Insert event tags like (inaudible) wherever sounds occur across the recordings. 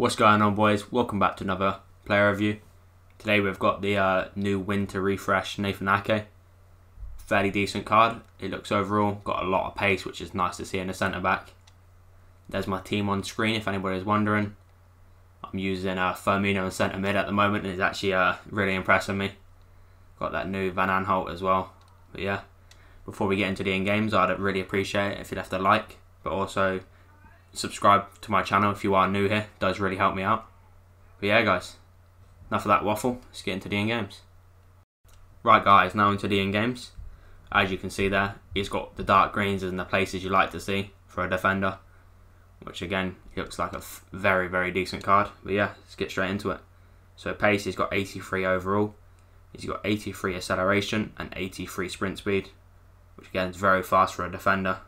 What's going on, boys? Welcome back to another player review. Today we've got the uh, new winter refresh Nathan Ake. Fairly decent card. It looks overall got a lot of pace, which is nice to see in a centre back. There's my team on screen if anybody's wondering. I'm using uh, Firmino in centre mid at the moment, and it's actually uh, really impressing me. Got that new Van Aanholt as well. But yeah, before we get into the in games, I'd really appreciate it if you left a like, but also subscribe to my channel if you are new here. It does really help me out. But yeah, guys, enough of that waffle. Let's get into the in-games. Right, guys, now into the in-games. As you can see there, he has got the dark greens and the places you like to see for a defender. Which, again, looks like a very, very decent card. But yeah, let's get straight into it. So pace, he's got 83 overall. He's got 83 acceleration and 83 sprint speed. Which, again, is very fast for a defender.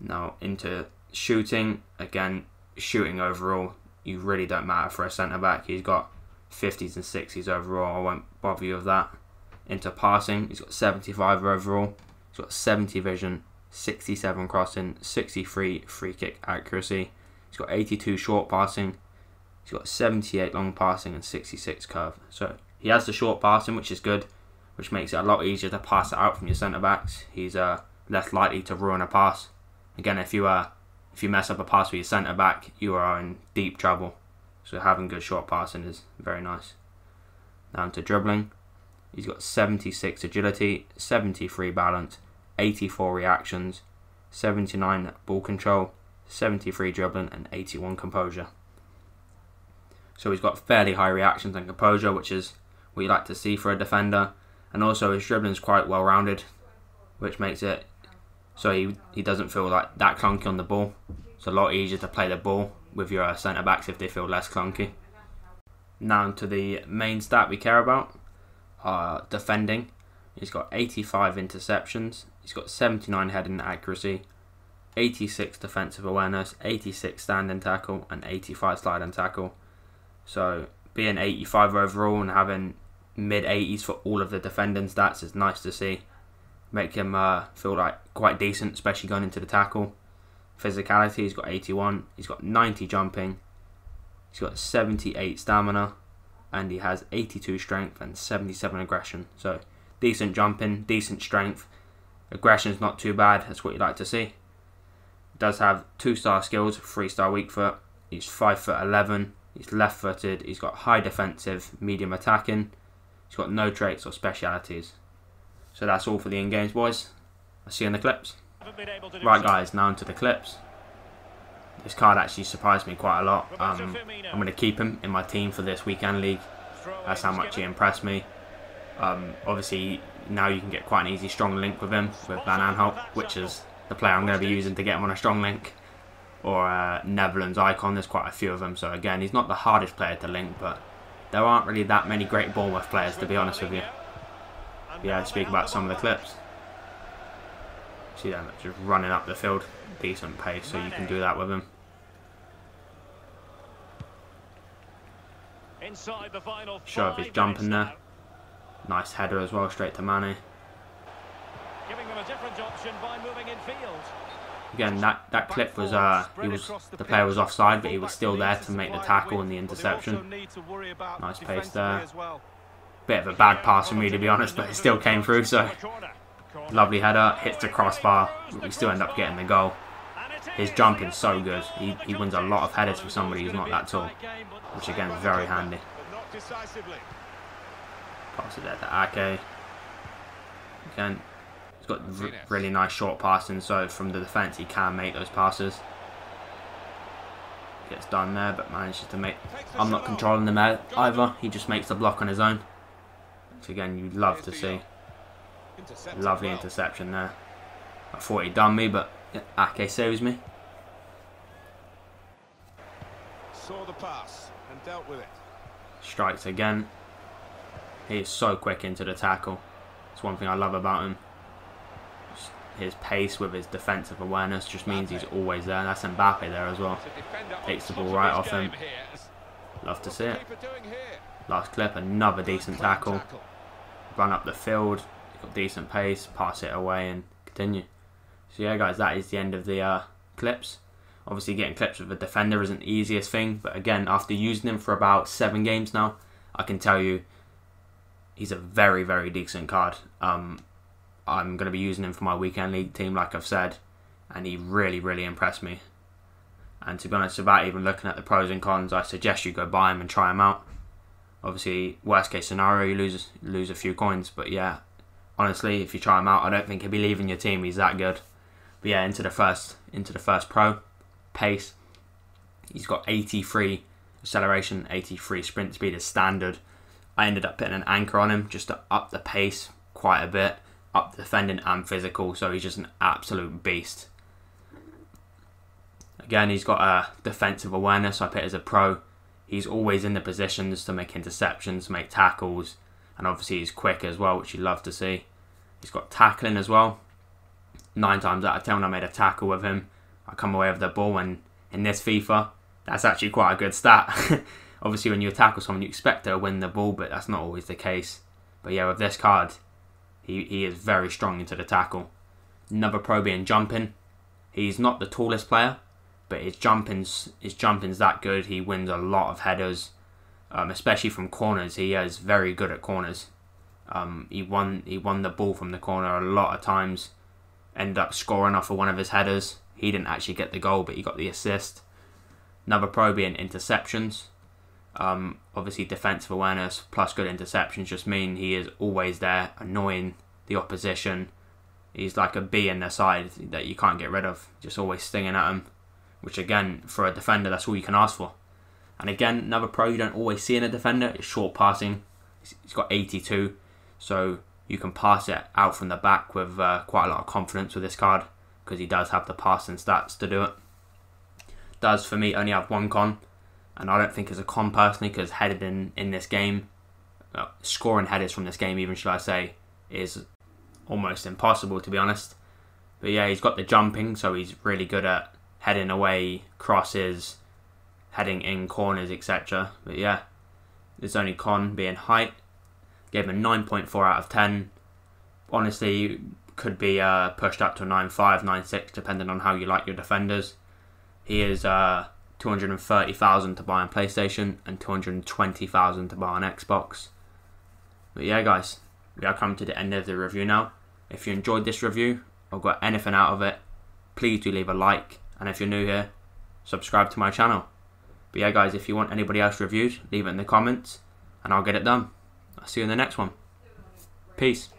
Now into Shooting, again, shooting overall, you really don't matter for a centre back. He's got 50s and 60s overall. I won't bother you with that. Into passing, he's got 75 overall. He's got 70 vision, 67 crossing, 63 free kick accuracy. He's got 82 short passing. He's got 78 long passing and 66 curve. So he has the short passing, which is good, which makes it a lot easier to pass it out from your centre backs. He's uh, less likely to ruin a pass. Again, if you uh, if you mess up a pass with your centre back, you are in deep trouble. So having good short passing is very nice. Down to dribbling. He's got 76 agility, 73 balance, 84 reactions, 79 ball control, 73 dribbling, and 81 composure. So he's got fairly high reactions and composure, which is what you like to see for a defender. And also his dribbling is quite well rounded, which makes it so he, he doesn't feel like that clunky on the ball. It's a lot easier to play the ball with your uh, centre backs if they feel less clunky. Now to the main stat we care about, uh, defending. He's got 85 interceptions. He's got 79 heading accuracy, 86 defensive awareness, 86 standing tackle, and 85 sliding tackle. So being 85 overall and having mid 80s for all of the defending stats is nice to see make him uh, feel like quite decent, especially going into the tackle. Physicality, he's got 81, he's got 90 jumping, he's got 78 stamina, and he has 82 strength and 77 aggression. So decent jumping, decent strength, aggression's not too bad. That's what you like to see. Does have two star skills, three star weak foot. He's five foot eleven. He's left footed. He's got high defensive, medium attacking. He's got no traits or specialities. So that's all for the in-games, boys. I'll see you in the clips. Right, guys, now into the clips. This card actually surprised me quite a lot. Um, I'm going to keep him in my team for this weekend league. That's how much he impressed me. Um, obviously, now you can get quite an easy strong link with him, with Van Aanholt, which is the player I'm going to be using to get him on a strong link. Or uh, Netherlands Icon, there's quite a few of them. So again, he's not the hardest player to link, but there aren't really that many great Bournemouth players, to be honest with you. Yeah, speak about some of the clips. See them just running up the field, decent pace, so you can do that with him. Show off his he's jumping there. Nice header as well, straight to Manny. Giving them a different option by moving in field. Again, that, that clip was uh, he was the player was offside, but he was still there to make the tackle and the interception. Nice pace there. Bit of a bad pass for me, to be honest, but it still came through, so... Lovely header, hits the crossbar, we still end up getting the goal. His jumping so good. He, he wins a lot of headers for somebody who's not that tall, which again is very handy. Pass it there to Ake. Again, he's got really nice short passing, so from the defence he can make those passes. Gets done there, but manages to make... I'm not controlling them either. He just makes the block on his own. Which again, you would love to see. Lovely interception there. I thought he had done me, but Ake saves me. Saw the pass and dealt with it. Strikes again. He is so quick into the tackle. It's one thing I love about him. His pace with his defensive awareness just means he's always there. That's Mbappe there as well. Takes the ball right off him. Love to see it. Last clip, another decent tackle. Run up the field, got decent pace, pass it away and continue. So yeah guys, that is the end of the uh, clips. Obviously getting clips with a defender isn't the easiest thing, but again, after using him for about seven games now, I can tell you he's a very, very decent card. Um, I'm going to be using him for my weekend league team, like I've said, and he really, really impressed me. And to be honest, without even looking at the pros and cons, I suggest you go buy him and try him out. Obviously, worst case scenario, you lose lose a few coins. But yeah, honestly, if you try him out, I don't think he'll be leaving your team. He's that good. But yeah, into the first into the first pro pace. He's got 83 acceleration, 83 sprint speed as standard. I ended up putting an anchor on him just to up the pace quite a bit, up the defending and physical. So he's just an absolute beast. Again, he's got a defensive awareness. I put as a pro he's always in the positions to make interceptions, make tackles, and obviously he's quick as well, which you love to see. He's got tackling as well. Nine times out of ten, when I made a tackle with him, I come away with the ball, and in this FIFA, that's actually quite a good stat. (laughs) obviously, when you tackle someone, you expect to win the ball, but that's not always the case. But yeah, with this card, he, he is very strong into the tackle. Another pro being jumping. He's not the tallest player, but his jumping's his jumping's that good. He wins a lot of headers, um, especially from corners. He is very good at corners. Um, he won he won the ball from the corner a lot of times. Ended up scoring off of one of his headers. He didn't actually get the goal, but he got the assist. Another pro being interceptions. Um, obviously, defensive awareness plus good interceptions just mean he is always there, annoying the opposition. He's like a bee in their side that you can't get rid of, just always stinging at him which again, for a defender, that's all you can ask for. And again, another pro you don't always see in a defender is short passing. He's got 82, so you can pass it out from the back with uh, quite a lot of confidence with this card because he does have the passing stats to do it. Does for me only have one con, and I don't think it's a con personally because headed in in this game, uh, scoring headers from this game, even should I say, is almost impossible to be honest. But yeah, he's got the jumping, so he's really good at heading away, crosses, heading in corners, etc. But yeah, it's only con being height. Gave him a 9.4 out of 10. Honestly, could be uh, pushed up to a 9.5, 9.6, depending on how you like your defenders. He is uh, 230,000 to buy on PlayStation and 220,000 to buy on Xbox. But yeah, guys, we are coming to the end of the review now. If you enjoyed this review or got anything out of it, please do leave a like and if you're new here, subscribe to my channel. But yeah, guys, if you want anybody else reviewed, leave it in the comments and I'll get it done. I'll see you in the next one. Peace.